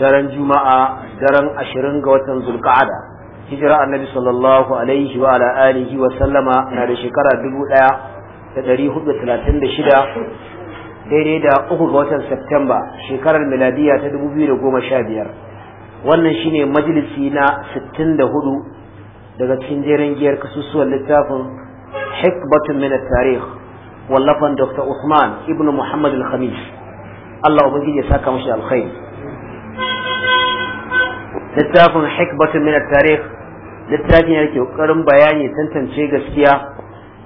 daren juma'a daren ashirin ga watan zulka'ada hijira annabi sallallahu alaihi wa ala alihi wa sallama na da shekara dubu ɗaya da dari hudu talatin da shida daidai da uku ga watan Septemba shekarar miladiya ta dubu biyu da goma sha biyar wannan shine majalisi na sittin da hudu daga cikin jerin giyar kasusuwan littafin hikbatun min tarikh wallafan dr usman ibnu muhammad al-khamis Allah ubangiji ya saka mashi alkhairi littafin hikbatun min tarikh littafin ya ke ƙoƙarin bayani tantance gaskiya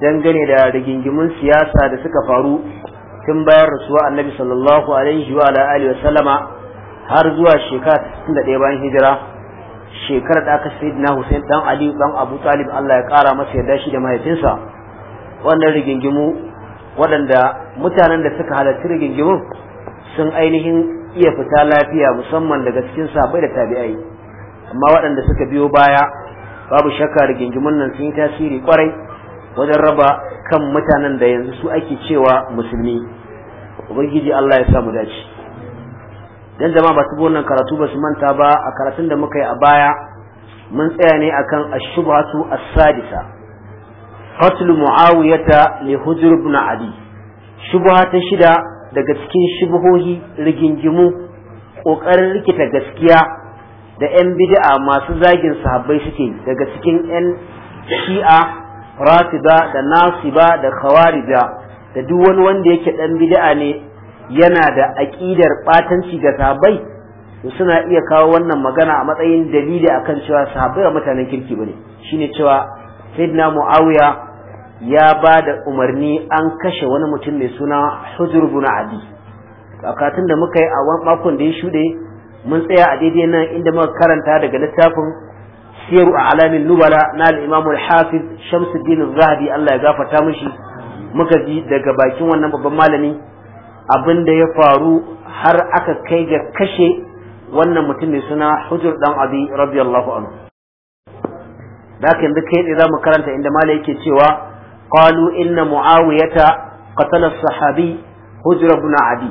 dangane da rigingimun siyasa da suka faru tun bayan rasuwa annabi sallallahu alaihi wa alihi wa sallama har zuwa shekara 61 bayan hijira shekarar da aka na Hussein dan Ali dan Abu Talib Allah ya kara masa yarda shi da mahaifinsa wannan rigingimu waɗanda mutanen da suka halarci rigingimu sun ainihin iya fita lafiya musamman daga cikin sabai da tabi'ai amma waɗanda suka biyo baya babu shakka rigingimun nan sun yi tasiri kwarai wajen raba kan mutanen da yanzu su ake cewa musulmi ubangiji Allah ya sa mu dace dan jama'a bi wannan karatu ba su manta ba a karatun da muka yi a baya mun tsaya ne akan ashubatu as-sadisa qatl muawiyata li hujr ibn ali shubha ta shida daga cikin shubuhohi rigingimu kokarin rikita gaskiya da 'yan bid'a masu zagin sahabbai suke daga cikin 'yan shi'a rafida da nasiba da khawarija da duk wani wanda yake dan bid'a ne yana da aƙidar ɓatanci ga sahabbai to suna iya kawo wannan magana a matsayin dalili akan cewa sahabbai ba mutanen kirki bane shine cewa sayyidina muawiya ya ba da umarni an kashe wani mutum mai suna hujr ibn adi akatun da muka yi a wani makon da ya shuɗe mun tsaya a daidai nan inda muka karanta daga littafin siyaru a alamin nubala na al-imamu al-hafiz shamsuddin zahabi Allah ya gafarta mishi muka ji daga bakin wannan babban malami abin da ya faru har aka kai ga kashe wannan mutum mai suna hujur dan abi radiyallahu anhu da haka yanzu kai za mu karanta inda malai yake cewa qalu inna muawiyata qatala sahabi hujr ibn abi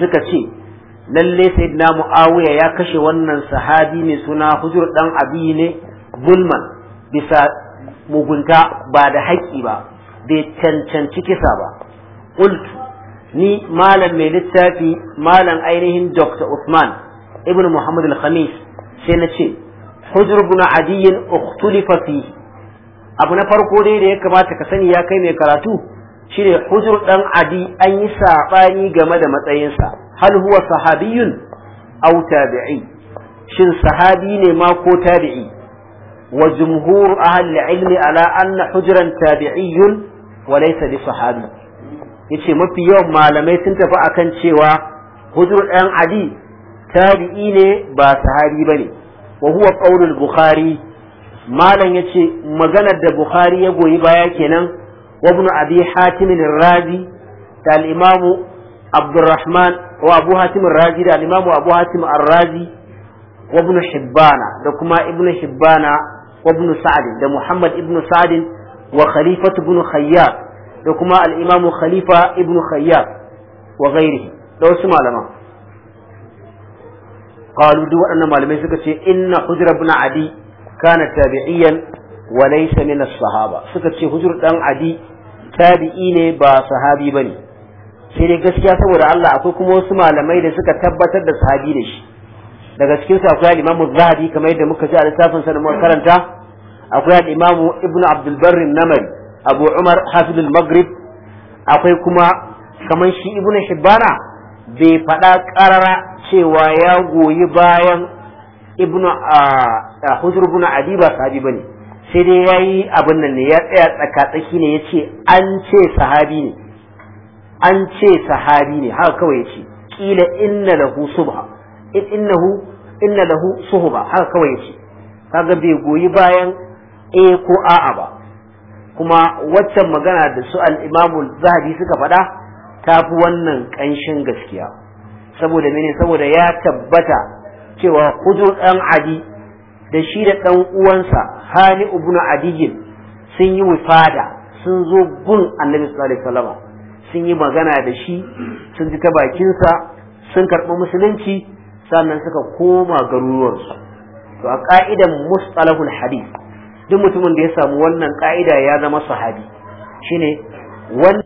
suka ce lalle na muawiya ya kashe wannan sahabi ne suna hujur dan abi ne bulman bisa mugunta ba da haƙƙi ba bai cancanci kisa ba qultu ni malam mai littafi malam ainihin dr usman ibn muhammad al-khamis sai na ce hujur ibn adiyin ukhtulifa fi abu na farko dai da ya kamata ka sani ya kai mai karatu shine hujur dan adi an yi sabani game da matsayinsa hal huwa sahabiyun au tabi'i shin sahabi ne ma ko tabi'i wa jumhur ahli ilmi ala anna hujran tabi'iyyun wa laysa bi sahabi yace mafi yawan malamai sun tafi akan cewa hujr 'yan ali tabi'i ne ba sahabi ba ne, huwa ƙaurin bukhari malam yace maganar da bukhari ya goyi baya kenan وابن أبي حاتم الرازي قال الإمام wa abu hatim razi da alimamu abu hatim ar-razi wa ibn da kuma ibn hibbana wa ibn da muhammad ibn sa'd wa khalifatu ibn khayyab da kuma al-imamu khalifa ibn khayyab wa ghairihi da wasu malama qalu duk malamai suka ce inna hujr ibn adi kana tabi'iyan wa laysa min as-sahaba suka ce hujr dan adi tabi'i ne ba sahabi bane sai dai gaskiya saboda Allah akwai kuma wasu malamai da suka tabbatar da sahabi da shi daga cikin su akwai al-Imam Zahabi kamar yadda muka ji a littafin sa da muka akwai al-Imam Ibn Abdul Barr namari Abu Umar Hafid al-Maghrib akwai kuma kamar shi Ibn Hibbana bai faɗa ƙarara cewa ya goyi bayan Ibn Hujr ibn Adi ba sahabi bane sai dai yayi abin nan ne ya tsaya tsakatsaki tsaki ne yace an ce sahabi ne an ce sahabi ne haka kawai yace kila inna lahu subha in innahu inna lahu suhba haka kawai yace kaga bai goyi bayan eh ko a'a ba kuma waccan magana da su al-Imam Zahabi suka faɗa ta fi wannan ƙanshin gaskiya saboda mene saboda ya tabbata cewa Hudur dan Adi da shi da dan uwansa Hani ibn Adiyin sun yi wifada sun zo gun Annabi sallallahu alaihi wasallam sun yi magana da shi sun ji ta bakinsa sun karɓi musulunci sannan suka koma garuruwarsu to a ƙa'idan mustalahul hadith duk mutumin da ya samu wannan ƙa'ida ya zama sahabi shine wanda